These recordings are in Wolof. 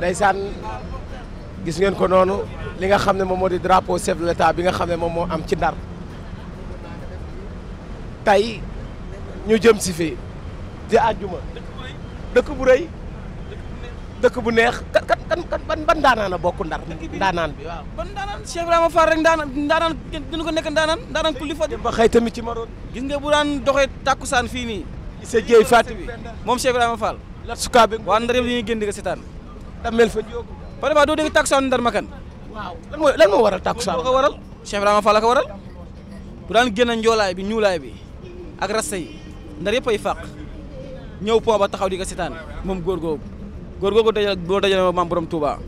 ndeysaan gis ngeen ko noonu li nga xam ne moom moo di drapeau chef de l'État bi nga xam ne moom moo am ci ndar tey ñu jëm si fii di àjjuma dëkk bu rëy dëkk bu neex kan kan kan ban ban ndaanaan a bokk ndar ndaanaan bi waaw ban ndaanaan Cheikh Ibrahima Fall rek ndaanaan ndaanaan dina ko nekk ndaanaan ndaanaan ku li fa ba xëy tamit ci maroon gis nga bu daan doxee tàkkusaan fii nii sa jëy bi moom Cheikh Ibrahima lat suka be waa ndar yëpp dañuy génn di ko seetaan damel fa jóg vraiment doo dégg takkusaan ndar makan waaw lan moo waral takkusaan ko waral a Ibrahima Fall ko waral bu daan njoolaay bi ñuulaay bi ak rasta yi ndar yëpp ay fàq ñëw pont ba taxaw di ko seetaan moom góor googu góor googu dajal boo dajale maam borom Touba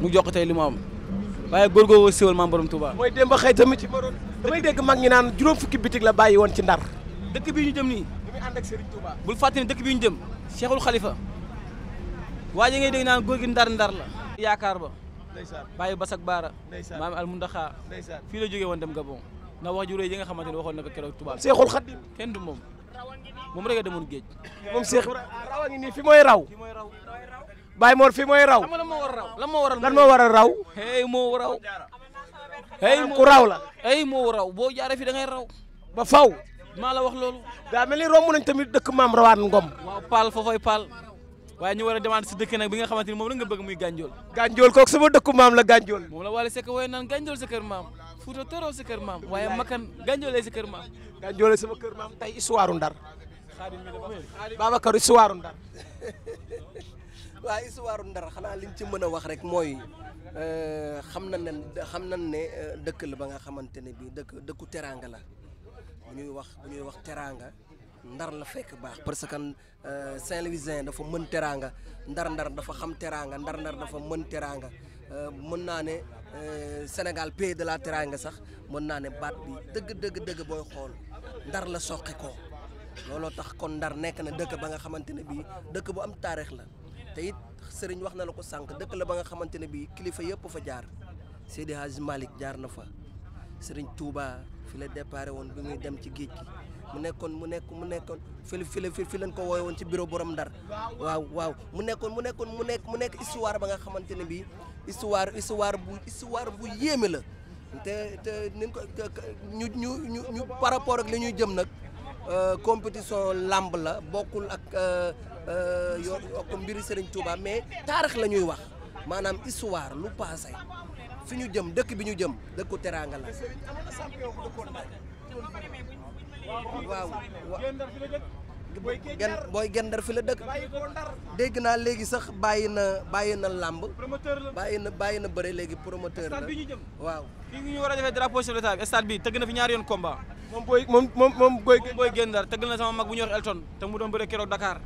mu jox tey li mu am waaye góor googu siiwal maam borom Touba mooy démb xëy tamit ci maroon damay dégg mag ñi naan juróom fukki bitig la bàyyi woon ci ndar dëkk bi ñu jëm ni ànd ak Serigne Touba bul fàtte ne dëkk bi ñu jëm Cheikhul Khalifa waa ji ngay dégg naan góor gi ndar-ndar la. yaakaar ba. ndeysaan bàyyi Basak Baara. ndeysaan maam al Mundaxa. ndeysaan fii la jógee woon dem Gabon. na wax ju rëy yi nga xamante ne waxoon na ko keroog tubaab. Seexul Xadim kenn du moom moom rek a demoon géej. moom Seex rawa ngi nii fi mooy raw. fi mooy raw. Baye Mor fi mooy raw. xam nga moo war a raw la moo war a. lan moo war a raw. moo raw. raw la. hey moo raw boo jaaree fi da raw. ba faw maa la wax loolu. daa mel ni romb nañ tamit dëkk maam rawaan ngom. waaw Paal foofay waaye ñu war a demande si dëkk nag bi nga xamante moom la nga bëgg muy gànjool gànjool kooku sama dëkku maam la gànjool moom la Wally Seck wooye naan gànjool sa kër maam Fouta Toro sa kër maam waaye makan gànjoolee sa kër maam gànjoolee sama kër maam tey histoire ndar Babacar histoire ndar waaw histoire ndar xanaa liñ ci mën a wax rek mooy euh, xam na ne xam nañ ne euh, dëkk la ba nga xamante ne bii dëkk dëkku teraanga la ñuy wax ñuy wax teraanga ndar la fekk baax parce que euh, Saint-Louisien dafa mën teraanga ndar-ndar dafa xam teraanga ndar-ndar dafa mën teraanga euh, mën naa ne euh, Sénégal pays de la teraanga sax mën naa ne baat bi dëgg dëgg booy xool ndar la soqi ko looloo tax kon ndar nekk na dëkk ba nga xamante ne bii dëkk bu am taarix la te it sëriñ wax na la ko sànq dëkk la ba nga xamante ne bii kilifa yëpp fa jaar Seydi Hadji Malick jaar na fa sëriñ Touba fi la déparé woon bi muy dem ci géej gi. mu nekkoon mu nekk mu nekkoon fi fi fi lañ ko wooye woon ci bureau borom ndar waaw waaw mu nekkoon mu nekkoon mu nekk mu nekk histoire ba nga xamante ne bii histoire histoire bu histoire bu yéeme la te te nañ ko ñu ñu ñu ñu par rapport ak li ñuy jëm nag euh, compétition làmb la bokkul ak euh, euh, yoo ak mbiri Serigne Touba mais taarix la ñuy wax maanaam histoire lu passé fi ñu jëm dëkk bi ñu jëm dëkk teraanga la waaw booy gen booy gendar fi la dëkk dégg naa léegi sax bàyyi na bàyyi na làmb bàyyi na bàyyi na bëre léegi promoteur la waaw fii ngi ñu war a defee drapeau chef de l'État stade bi tëgg na fi ñaar yoon komba moom booy moom moom moom booy booy gendar tëgg na sama mag bu ñu wax Elton te mu doon bëre keroog Dakar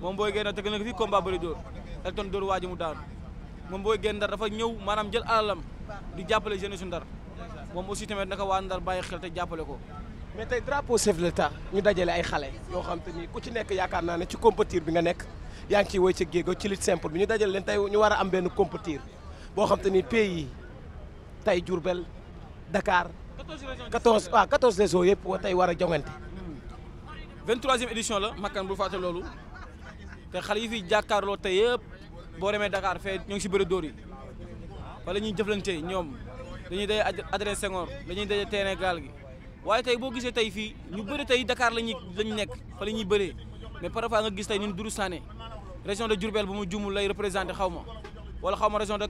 moom booy gendar tëgg na ko fi combat bëri dóor Elton dóor waa ji mu daan moom booy gendar dafa ñëw maanaam jël alalam di jàppale jeunesse su Ndar moom aussi tamit naka waa Ndar bàyyi xel te jàppale ko mais tey drapeau chef de ñu dajale ay xale yoo xam te ni ku ci nekk yaakaar naa ne ci compétir bi nga nekk yaa ngi ciy woy ci géego ci lutte simple bi ñu dajale leen tey ñu war a am benn compétir boo xam te ni pays yi tey Diourbel Dakar 14 waaw 14 régions yëpp wa tey war a jongante 23e édition la makkan bu fàtte loolu te xale yi fi jàkkaarloo tey yëpp boo demee Dakar fee ñoo ngi si bëri dóor yi wala ñuy jëflante ñoom dañuy daje adresse Senghor dañuy daje terrain gaal gi waaye tey boo gisee tey fii ñu bëri tey Dakar lañuy lañu nekk fa la ñuy bëree mais parfois nga gis tey ñun du Sané région de Diourbel bu mu jumul lay représenté xaw ma wala xaw ma région de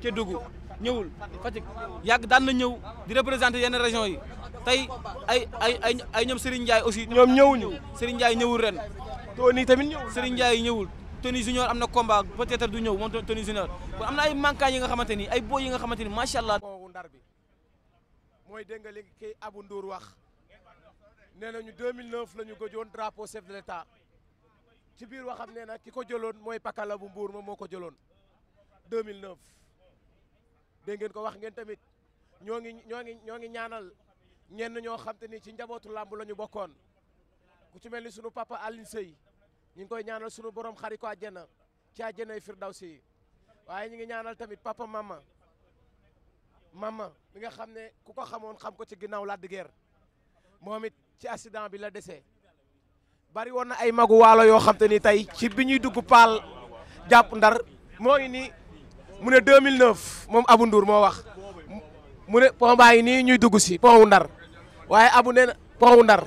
Kédougou ñëwul Fatick yàgg daan na ñëw di représenté yenn région yi tey ay ay ay ay ñoom Serigne Ndiaye aussi. ñoom ñëwuñu Serigne Ndiaye ñëwul ren. Tony tamit ñëwul Serigne Ndiaye ñëwul. Tony Junior am na combat peut-être du ñëw moom Tony Junior kon am na ay manquants yi nga xamante ni ay boy yi nga xamante mooy dégg nga li kii Abou Ndour wax nee nañu 2009 la ñu gëjoon drapeau chef de l'État ci biir waxam nee na ki ko jëloon mooy pakala bu Mbour moom moo ko jëloon 2009. dégg ngeen ko wax ngeen tamit ñoo ngi ñoo ngi ñoo ngi ñaanal ñenn ñoo xam ni ci njabootu làmb la ñu bokkoon ku ci mel ni sunu papa Alioune Seye ñu ngi koy ñaanal sunu borom xari ko àjjana ci àjjanay firdawsi waaye ñu ngi ñaanal tamit papa mama. mama mi nga xam ne ku ko xamoon xam ko ci ginnaaw Lac de moom it ci accident bi la desee bari woon na ay magu waalo yoo xam te ni tey ci bi ñuy dugg paal jàpp ndar moo ngi nii mu ne 2009 moom abu Ndour moo wax mu ne pont baa ngi nii ñuy dugg si pont ndar waaye abu ne pont wu ndar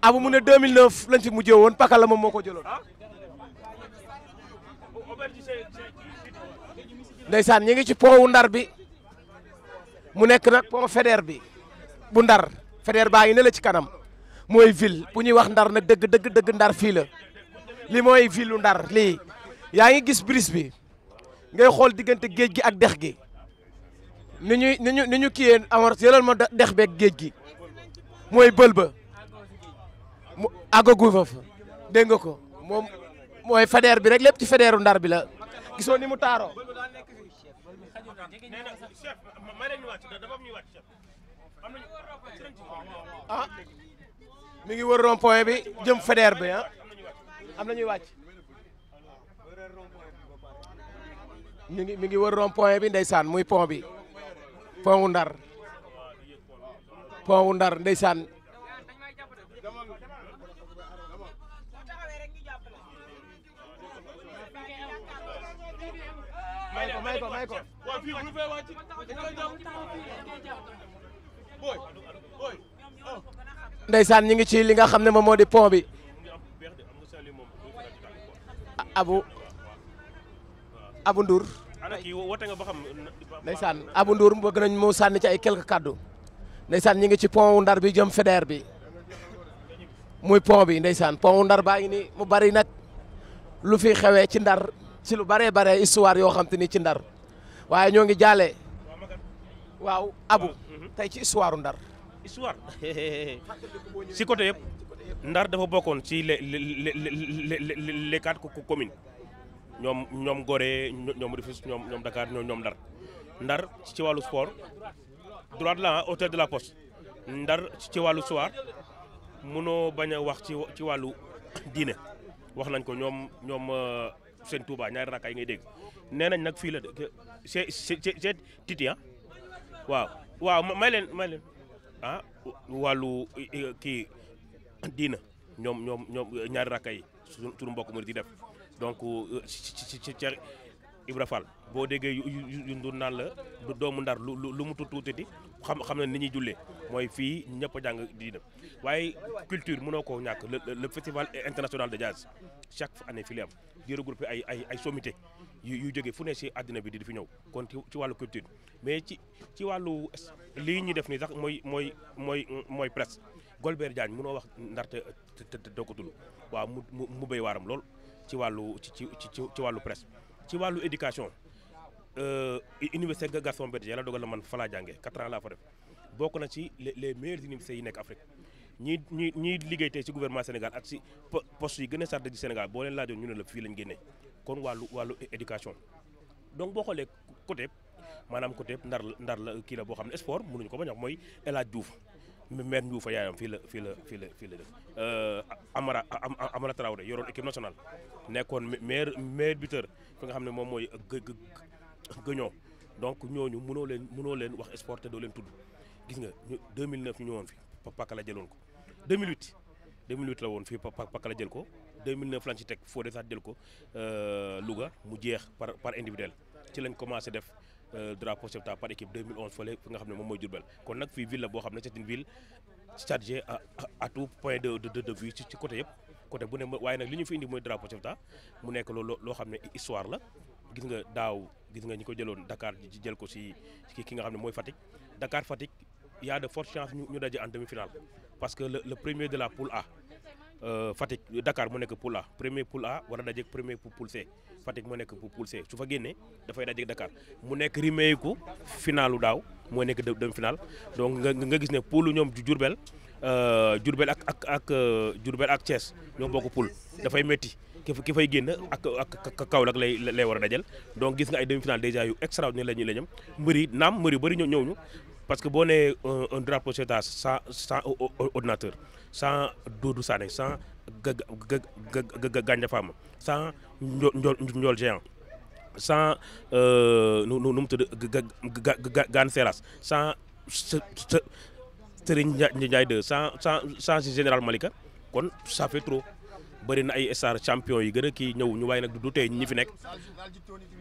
abu mu ne 2009 lañ fi mujjee woon paka la moom moo ko jëloon ndeysaan ñi ngi ci pont ndar bi mu nekk nag pont Faidherbe bi bu ndar Faidherbe baa ngi ne ci kanam mooy ville bu ñuy wax ndar nag dëgg dëgg dëgg ndar fii la li mooy ville ndar lii yaa ngi gis brise bi ngay xool diggante géej gi ak dex gi ni ñuy ni ñu ni ñu yëlal ma dex beeg géej gi mooy bël ba mu àggagu fa fa nga ko moom mooy Faidherbe bi rek lépp ci Faidherbe ndar bi la gisoo ni mu taaroo nee am ñu wàcc ngi wër rond point bi jëm fédère bi ah am na ñuy wàcc ngi mi ngi wër rond point bi ndeysaan muy pont bi pont wu ndar pont wu ndar may ñu ndeysaan ñu ngi ci li nga xam ne moom moo di pont bi. Abu Abu Ndour. ndeysaan Abu Ndour bëgg nañ moo sànni ci ay quelques kaddu. ndeysaan ñu ngi ci pont wu Ndar bi jëm Faidherbe bi. muy pont bi ndeysaan pont wu Ndar baa ngi nii mu bari nag lu fi xewee ci Ndar. ci lu baree bare histoire yoo xam ni ci ndar waaye ñoo ngi jaale waaw abu tey ci histoire ndar histoire si côté yëpp ndar dafa bokkoon ci les les quatre communes ñoom ñoom Gorée ñoom Rufisque ñoom ñoom Dakar ñoom Ndar Ndar ci wàllu sport droit de la hauteur de la poste Ndar ci wàllu soir mënoo bañ a wax ci ci wàllu diine wax nañ ko ñoom ñoom euh, sëñ Touba ñaari rakka yi ngay dégg nee nañ nag fii la c'est c'est titi ah waaw waaw may leen may leen ah wàllu kii diina ñoom ñoom ñoom ñaari rakka yi suñu mbokk mu di def donc euh, ci ci ci Ibra Fall boo déggee yu ndur naan la doomu ndar lu lu mu tuuti xam xam na ni ñuy jullee mooy fii ñëpp a jàng diina waaye culture mënoo koo ñàkk le festival international de jazz chaque année fii lay am di regrouper ay ay ay sommité yu yu jógee fu ne si àddina bi di fi ñëw kon ci wàllu culture mais ci ci wàllu lii ñuy def nii sax mooy mooy mooy mooy presse Golbert Diagne mënoo wax ndar te te waaw mu mu mu béy waaram lool ci wàllu ci ci ci ci wàllu presse ci wàllu éducation euh, université Gaston Berger yàlla dogal la man falaa laa jàngee quatre ans laa fa def bokk na le les les meilleurs universités yi nekk Afrique. ñii ñi ñiy liggéey tey si gouvernement Sénégal ak si poste yi gën a sarde Sénégal boo leen laajoon ñu ne la fii lañ génnee kon wàllu wàllu éducation donc boo xoolee côté maanaam côté ndar ndar la kii la boo xam ne sport mënuñu ko bañ a wax mooy El Hadj Diouf maire Diouf yaayam fii la fii la fii la fii la def euh, Amara Amara Traoré yoroon équipe nationale nekkoon maire maire buteur fi nga xam ne moom mooy gëñoo donc ñooñu mënoo leen mënoo leen wax sport te doo leen tudd gis nga 2009 ñu ñëwoon fi papa la jëloon ko 2008 2008 la woon fii Pakala jël ko 2009 lañ ci teg Fodé sax jël ko euh, Louga mu jeex par par individuel ci lañ commencé def euh, drapeau chef par équipe 2011 fële fi nga xam ne moom mooy Diourbel kon nag fii ville la boo xam ne c'est une ville chargée à à point de de ci côté yëpp côté bu ne waaye nag li ñu fi indi mooy drapeau chef mu nekk loo loo xam ne histoire la gis nga daaw gis nga ñu ko jëloon Dakar jël ko si ki nga xam ne mooy Fatick Dakar Fatick y a de fortes chances ñu ñu daje en demi-finale. parce que le, le premier de la poule A euh, Fatick dakaar mu nekk poule A premier poul A war a dajeeg premier poule C Fatick mu nekk poule C su fa génnee dafay dajeeg Dakar mu nekk rimeeku finalu daaw moo nekk dem final donc nga gis ne poule ñoom Diourbel euh, Diourbel ak ak ak euh, Diourbel ak Thiès ñoo bokk poule dafay métti. ki fay génn ak ak Kaolack lay lay war a dajal donc gis nga ay demi-finale déjà yu extraordinaire la ñuy la ñam mbër yi naam mbër yu bëri ñëw ñu parce que boo nee un drapeau CETA sans sans ordinateur sans Doudou Sané sans Ganja Fama sans Ndiol Géant sans euh, nu nu mu tudd Gane Seras sans Serigne Ndiaye 2 sans sans sans général Malika kon ça fait trop. bari na ay star champion yi gën a kii ñëwuñu waaye nag du tey ñi fi nekk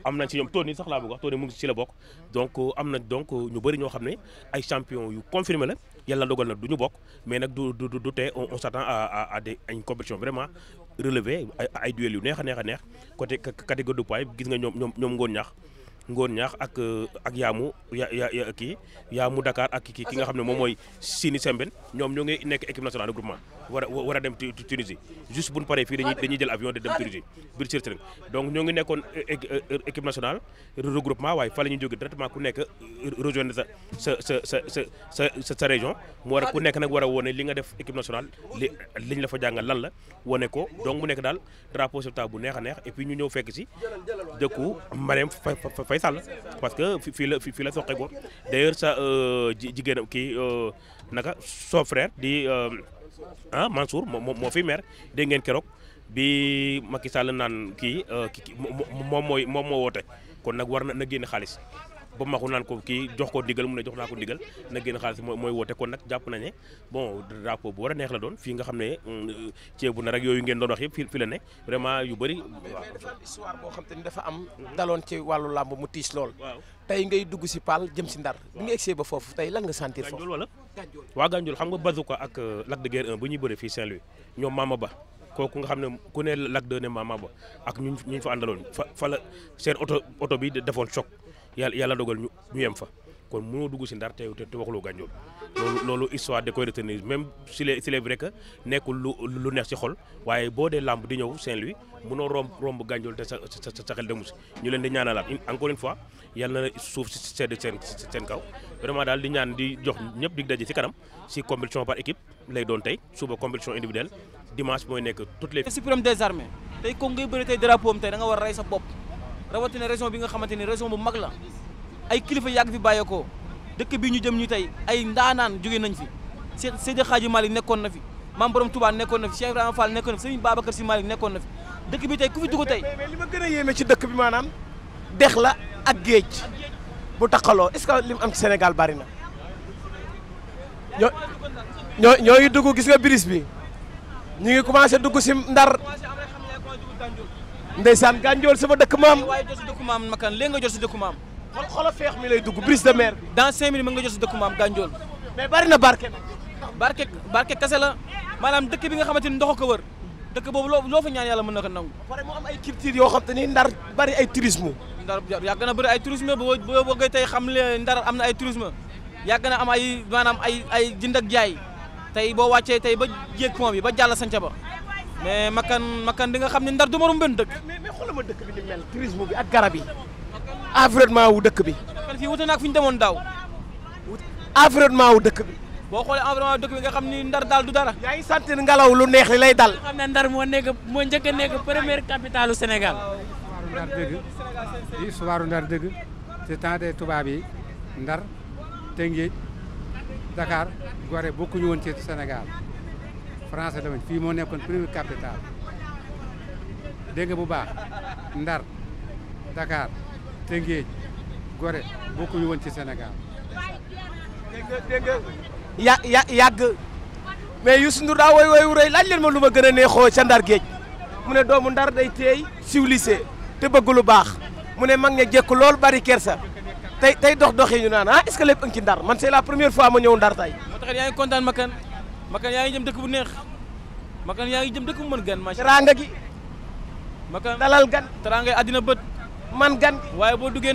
am na ci ñoom Tony sax laa bëgg wax mu ngi ci la bokk donc am na donc ñu bëri ñoo xam ne ay champion yu confirmé la yàlla dogal na du ñu bokk mais nag du du du tey on s'attend à à des à vraiment relever ay duel yu neex a neex a neex côté catégorie de poids gis nga ñoom ñoom ñoom ngoon ñax Ngor ñaax ak euh, ak yaamu ya ya kii yaamu Dakar ak kii ki nga xam ne moom mooy Sini Sembène ñoom ñoo ngi nekk équipe nationale de groupement war a war a dem Tunisie juste bu ñu paree fii dañuy dañuy jël avion de dem Tunisie biir Sirtring donc ñoo ngi nekkoon euh, euh, équipe nationale regroupement nekk sa sa sa sa sa sa région mu a ku nekk nag war a wone li nga def équipe nationale li liñ la fa jàngal lan la wone ko donc mu nekk daal drapeau bu neex a neex et puis ñu ñëw fekk si dëkku Marème Faye parce que fii la fii la soqe ko d'ailleurs sa euh, jigéenam kii euh, naka son frère di ah Mansour moo fi maire dégg ngeen keroog bi Macky Sall naan kii moom mooy moom moo woote kon nag war na na génn xaalis ba maxu naan ko kii jox ko ndigal mu ne jox naa ko ndigal na génn xaalis mooy wote ko kon nag jàpp na ne bon drapeau bu war a neex la doon fii nga xam ne mm, ceebu na rek yooyu ngeen doon wax yëpp fii fi la ne vraiment yu bëri waaw dafa boo xam te ni dafa am daloon ci wàllu làmb mu tiis lool tey ngay dugg si Paal jëm si Ndar bi nga ba foofu tey lan nga sentir foofu wala waa Gandiol xam nga Bazooka ak euh, Lac de bu ñuy bëri fii Saint-Louis ñoom Mama Ba kooku nga xam ne ku ne Lac de ne Mama Ba ak ñu ñu fa àndaloon fa fa la seen oto oto bi defoon choc yàlla yàlla dogal ñu yem fa kon mënoo dugg si ndar te te waxuloo gànjool loolu loolu histoire da koy retenir même si les si les vrai que nekkul lu lu neex si xol waaye boo dee làmb di ñëw Saint-Louis mënoo romb romb gànjool te sa sa sa xel demu si ñu leen di ñaanalaat encore une fois yàlla na suuf si sedd seen seen kaw vraiment daal di ñaan di jox ñëpp di daje si kanam si compétition par équipe lay doon tey suba compétition individuelle dimanche mooy nekk toutes les. suprême des armées sa bopp. rawatina région bi nga xamante ni région bu mag la ay kilifa yàgg fi bàyyeekoo dëkk bi ñu jëm ñu tey ay ndaanaan jóge nañ fi Cheikh Seydi Hadji Malick nekkoon na fi maam borom Touba nekkoon na fi Cheikh Ibrahima Fall nekkoon na fi Serigne Babacar nekkoon na fi dëkk bi tey ku fi dugg tey mais ma gën a ci dëkk bi maanaam dex la ak géej bu taqaloo est-ce li am ci Sénégal bari na ñoo ñoo ñooyu dugg gis nga brise bi ñu ngi commencé dugg si Ndar ndeysaan gànjool sama dëkk maam waaye jot sa nga jot sa dëkku maam xol xolo feex mi lay dugg brise de mer dans cinq minutes mën nga jot sa dëkku maam gànjool mais bari na barke barke barke kase la maanaam dëkk bi nga xamante ni ndox ko wër dëkk boobu loo loo fa ñaan yàlla mën na ko nangu pare moo ay culture yoo xam te ni ndar bari ay tourisme ndar yàgg na bëri ay tourisme boo boo koy tey xam le ndar am na ay tourisme yàgg na am ay maanaam ay ay jënd ak jaay tey boo wàccee tey ba jéeg pont bi ba jàll sanca ba mais makan makan di nga xam ne ndar du marum benn dëkk. mais mais xoolal ma dëkk bi ni mel tourisme bi ak garab yi. environnement wu dëkk bi. makan fii wute naag fi ñu demoon daaw. environnement wu dëkk bi. boo xoolee environnement dëkk bi nga xam ni ndar daal du dara. yaa ngi sant ngelaw lu neex lay dal. xam ne ndar moo nekk moo njëkk nekk première capitalu Sénégal. suwaaru ndar dëgg ndar dëgg ci temps des yi ndar Tëngéej bokkuñu woon ci Sénégal. français la woon fii moo nekkoon premier capital dégg nga bu baax Ndar Dakar Tëngéej Gore bokkuñu woon ci senegal ya ya yàgg mais Youssou Ndour daa woy woy wu rëy laaj leen ma lu ma gën a neexoo ca Ndar géej mu ne doomu Ndar day teey civilisé te bëgg baax mu ne mag ña jekku lool bari kersa tey tey dox dox ñu naan ah est-ce que Ndar man c'est la première fois ma ñëw Ndar tey. Makan yaa ngi jëm dëkk bu neex Makan yaa ngi jëm dëkk bu mën gan macha allah teraanga gi Makan dalal gan teraanga àddina bët man gan waaye boo duggee